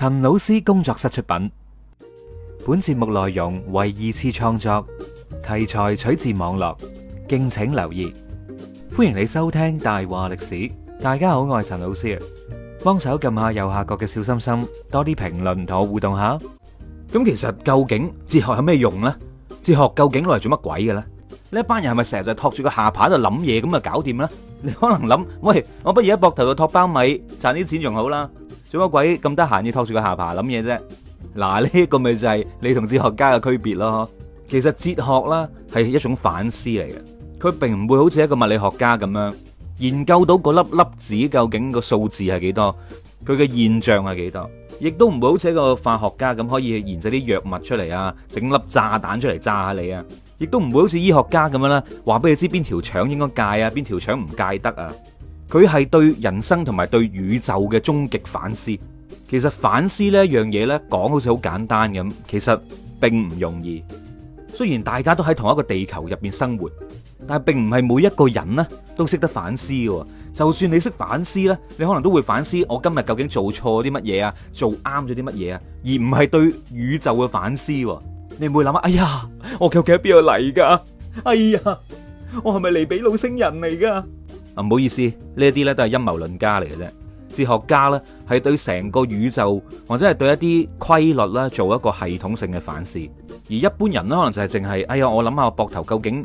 陳老師工作室出品，本節目內容為二次創作，題材取自網絡，敬請留意。歡迎你收聽大話歷史。大家好，我係陳老師啊，幫手撳下右下角嘅小心心，多啲評論同我互動下。咁其實究竟哲學有咩用呢？哲學究竟攞嚟做乜鬼嘅咧？呢一班人係咪成日就托住個下巴喺度諗嘢咁啊？搞掂咧？.你可能諗，喂，我不如喺膊頭度托包米，賺啲錢仲好啦，做乜鬼咁得閒要托住個下巴諗嘢啫？嗱，呢一個咪就係你同哲學家嘅區別咯。其實哲學啦係一種反思嚟嘅，佢並唔會好似一個物理學家咁樣研究到個粒粒子究竟個數字係幾多，佢嘅現象係幾多，亦都唔會好似一個化學家咁可以研製啲藥物出嚟啊，整粒炸彈出嚟炸下你啊！亦都唔會好似醫學家咁樣啦，話俾你知邊條腸應該戒啊，邊條腸唔戒得啊。佢係對人生同埋對宇宙嘅終極反思。其實反思呢一樣嘢呢，講好似好簡單咁，其實並唔容易。雖然大家都喺同一個地球入邊生活，但係並唔係每一個人呢都識得反思嘅。就算你識反思呢，你可能都會反思我今日究竟做錯啲乜嘢啊，做啱咗啲乜嘢啊，而唔係對宇宙嘅反思。你唔會諗啊？哎呀，我究竟喺邊度嚟噶？哎呀，我係咪嚟俾外星人嚟噶？啊，唔好意思，呢一啲咧都係陰謀論家嚟嘅啫。哲學家咧係對成個宇宙或者係對一啲規律咧做一個系統性嘅反思。而一般人咧可能就係淨係哎呀，我諗下我膊頭究竟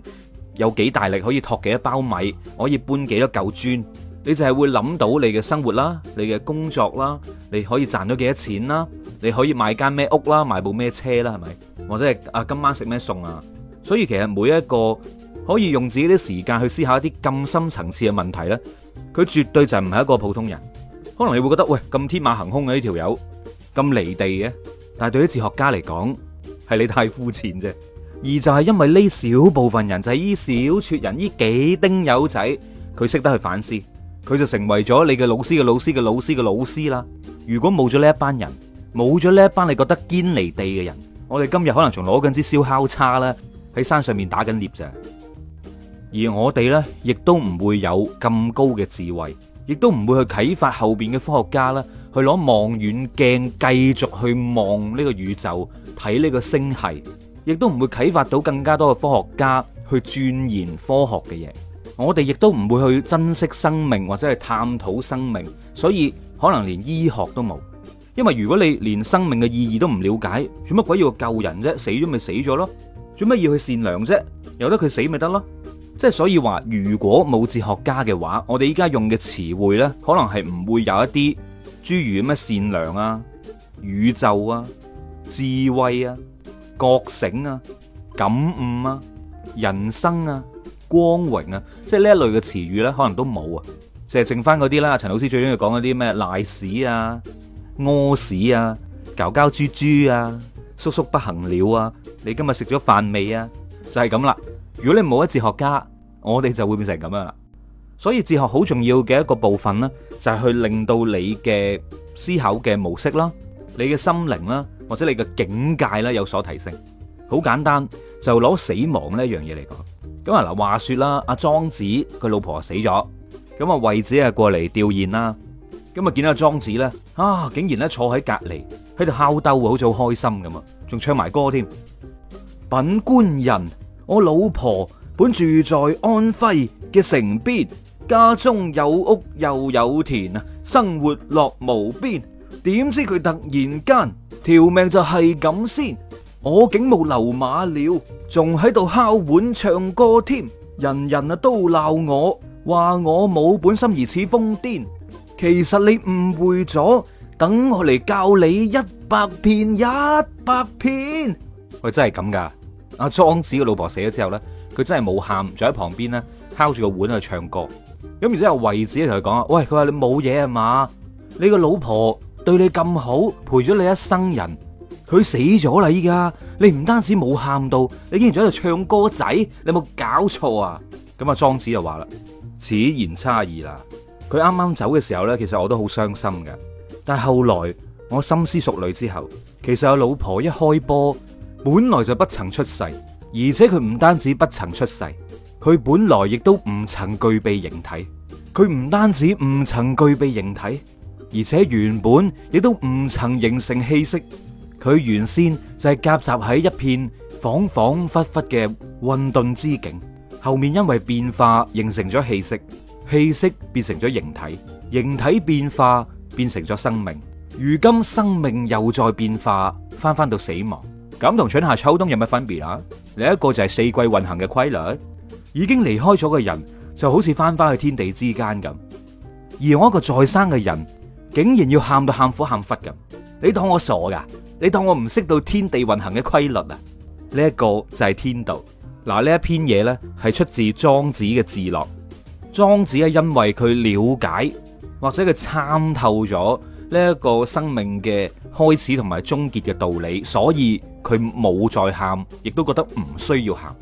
有幾大力可以托幾多包米，可以搬幾多嚿磚。你就係會諗到你嘅生活啦，你嘅工作啦，你可以賺到幾多錢啦，你可以買間咩屋啦，買部咩車啦，係咪？或者係啊，今晚食咩餸啊？所以其實每一個可以用自己啲時間去思考一啲咁深層次嘅問題呢，佢絕對就唔係一個普通人。可能你會覺得喂咁天馬行空嘅呢條友咁離地嘅，但係對於哲學家嚟講係你太膚淺啫。而就係因為呢小部分人就係呢小撮人呢幾丁友仔，佢識得去反思，佢就成為咗你嘅老師嘅老師嘅老師嘅老師啦。如果冇咗呢一班人，冇咗呢一班你覺得堅離地嘅人。我哋今日可能仲攞緊支燒烤叉啦，喺山上面打緊獵咋。而我哋呢，亦都唔會有咁高嘅智慧，亦都唔會去啟發後邊嘅科學家啦，去攞望遠鏡繼續去望呢個宇宙，睇呢個星系，亦都唔會啟發到更加多嘅科學家去鑽研科學嘅嘢。我哋亦都唔會去珍惜生命或者係探討生命，所以可能連醫學都冇。因為如果你連生命嘅意義都唔了解，做乜鬼要救人啫？死咗咪死咗咯？做乜要去善良啫？由得佢死咪得咯？即係所以話，如果冇哲學家嘅話，我哋依家用嘅詞彙呢，可能係唔會有一啲諸如咁嘅善良啊、宇宙啊、智慧啊、覺醒啊、感悟啊、人生啊、光榮啊，即係呢一類嘅詞語呢，可能都冇啊，就係剩翻嗰啲啦。陳老師最中意講嗰啲咩賴屎啊。屙屎啊！搞搞豬豬啊！叔叔不行了啊！你今日食咗飯未啊？就係咁啦。如果你冇一哲學家，我哋就會變成咁樣啦。所以哲學好重要嘅一個部分呢，就係去令到你嘅思考嘅模式啦，你嘅心靈啦，或者你嘅境界咧有所提升。好簡單，就攞死亡呢一樣嘢嚟講。咁啊嗱，話說啦，阿莊子佢老婆死咗，咁啊惠子啊過嚟弔唁啦，咁啊見到阿莊子咧。啊！竟然咧坐喺隔籬喺度敲兜，好似好開心咁啊！仲唱埋歌添。品官人，我老婆本住在安徽嘅城邊，家中有屋又有田啊，生活樂無邊。點知佢突然間條命就係咁先，我竟冇流馬了，仲喺度敲碗唱歌添，人人啊都鬧我，話我冇本心而似瘋癲。其實你誤會咗，等我嚟教你一百遍，一百遍。喂，真係咁噶？阿莊子嘅老婆死咗之後咧，佢真係冇喊，仲喺旁邊咧敲住個碗喺度唱歌。咁然之後惠子咧同佢講啊，喂，佢話你冇嘢啊嘛？你個老婆對你咁好，陪咗你一生人，佢死咗啦依家，你唔單止冇喊到，你竟然仲喺度唱歌仔，你有冇搞錯啊？咁啊，莊子就話啦，此言差矣啦。佢啱啱走嘅時候呢，其實我都好傷心嘅。但係後來我深思熟慮之後，其實我老婆一開波，本來就不曾出世，而且佢唔單止不曾出世，佢本來亦都唔曾具備形體。佢唔單止唔曾具備形體，而且原本亦都唔曾形成氣息。佢原先就係夾雜喺一片恍恍惚惚嘅混沌之境，後面因為變化形成咗氣息。氣息變成咗形體，形體變化變成咗生命。如今生命又再變化，翻翻到死亡。咁同春夏秋冬有乜分別啊？呢、這、一個就係四季運行嘅規律。已經離開咗嘅人，就好似翻翻去天地之間咁。而我一個在生嘅人，竟然要喊到喊苦喊忽咁。你當我傻噶？你當我唔識到天地運行嘅規律啊？呢、這、一個就係天道。嗱，呢一篇嘢呢，係出自莊子嘅《至樂》。莊子咧，因為佢了解或者佢參透咗呢一個生命嘅開始同埋終結嘅道理，所以佢冇再喊，亦都覺得唔需要喊。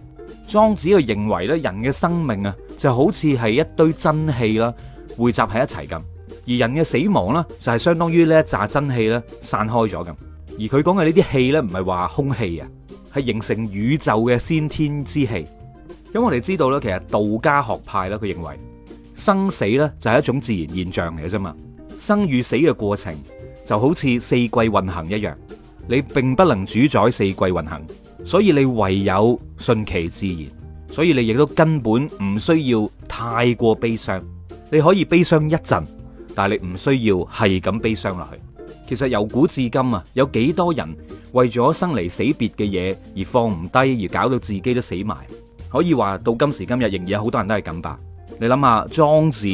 莊子佢認為咧，人嘅生命啊，就好似係一堆真氣啦，匯集喺一齊咁；而人嘅死亡啦，就係相當於呢一紮真氣咧散開咗咁。而佢講嘅呢啲氣咧，唔係話空氣啊，係形成宇宙嘅先天之氣。因為我哋知道咧，其實道家學派咧，佢認為生死咧就係一種自然現象嚟嘅啫嘛。生與死嘅過程就好似四季運行一樣，你並不能主宰四季運行，所以你唯有順其自然。所以你亦都根本唔需要太過悲傷。你可以悲傷一陣，但係你唔需要係咁悲傷落去。其實由古至今啊，有幾多人為咗生離死別嘅嘢而放唔低，而搞到自己都死埋。可以話到今時今日，仍然有好多人都係咁吧。你諗下莊子，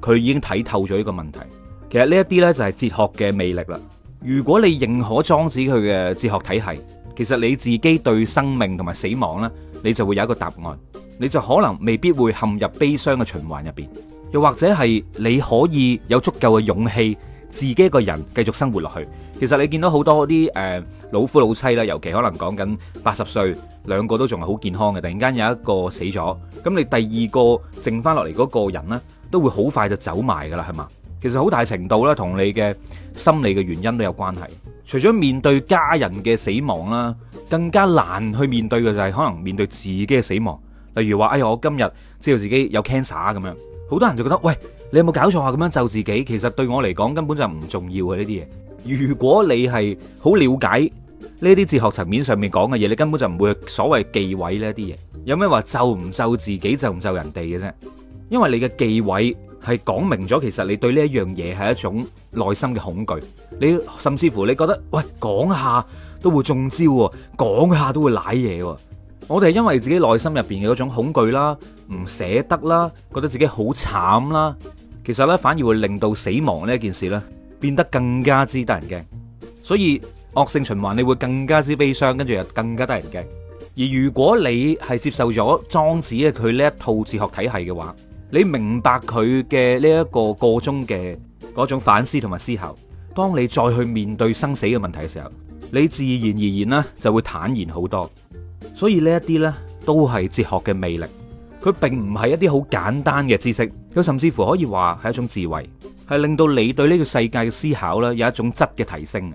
佢已經睇透咗呢個問題。其實呢一啲呢，就係哲學嘅魅力啦。如果你認可莊子佢嘅哲學體系，其實你自己對生命同埋死亡呢，你就會有一個答案，你就可能未必會陷入悲傷嘅循環入邊。又或者係你可以有足夠嘅勇氣，自己一個人繼續生活落去。其實你見到好多啲誒、呃、老夫老妻啦，尤其可能講緊八十歲。兩個都仲係好健康嘅，突然間有一個死咗，咁你第二個剩翻落嚟嗰個人呢，都會好快就走埋噶啦，係嘛？其實好大程度咧，同你嘅心理嘅原因都有關係。除咗面對家人嘅死亡啦，更加難去面對嘅就係可能面對自己嘅死亡。例如話：哎呀，我今日知道自己有 cancer 咁樣，好多人就覺得：喂，你有冇搞錯啊？咁樣就自己，其實對我嚟講根本就唔重要嘅呢啲嘢。如果你係好了解。呢啲哲學層面上面講嘅嘢，你根本就唔會所謂忌諱呢啲嘢。有咩話就唔就自己，就唔就人哋嘅啫？因為你嘅忌諱係講明咗，其實你對呢一樣嘢係一種內心嘅恐懼。你甚至乎你覺得，喂，講下都會中招，講下都會舐嘢。我哋係因為自己內心入邊嘅嗰種恐懼啦，唔捨得啦，覺得自己好慘啦，其實呢，反而會令到死亡呢件事呢，變得更加之得人驚。所以。惡性循環，你會更加之悲傷，跟住又更加得人驚。而如果你係接受咗莊子嘅佢呢一套哲學體系嘅話，你明白佢嘅呢一個個中嘅嗰種反思同埋思考，當你再去面對生死嘅問題嘅時候，你自然而然呢就會坦然好多。所以呢一啲呢都係哲學嘅魅力，佢並唔係一啲好簡單嘅知識，佢甚至乎可以話係一種智慧，係令到你對呢個世界嘅思考呢有一種質嘅提升。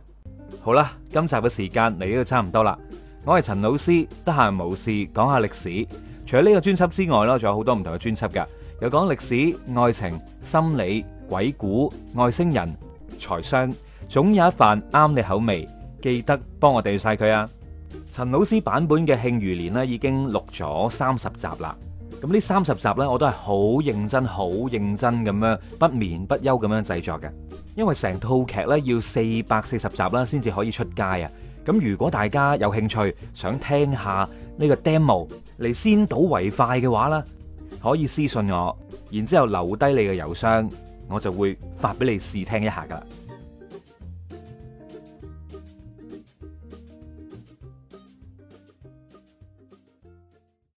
好啦，今集嘅時間嚟到差唔多啦，我係陳老師，得閒無事講下歷史。除咗呢個專輯之外呢，仲有好多唔同嘅專輯嘅，有講歷史、愛情、心理、鬼故、外星人、財商，總有一份啱你口味。記得幫我訂閱晒佢啊！陳老師版本嘅《慶餘年》咧已經錄咗三十集啦，咁呢三十集呢，我都係好認真、好認真咁樣不眠不休咁樣製作嘅。因為成套劇咧要四百四十集啦，先至可以出街啊。咁如果大家有興趣想聽下呢個 demo，嚟先睹為快嘅話咧，可以私信我，然之後留低你嘅郵箱，我就會發俾你試聽一下噶。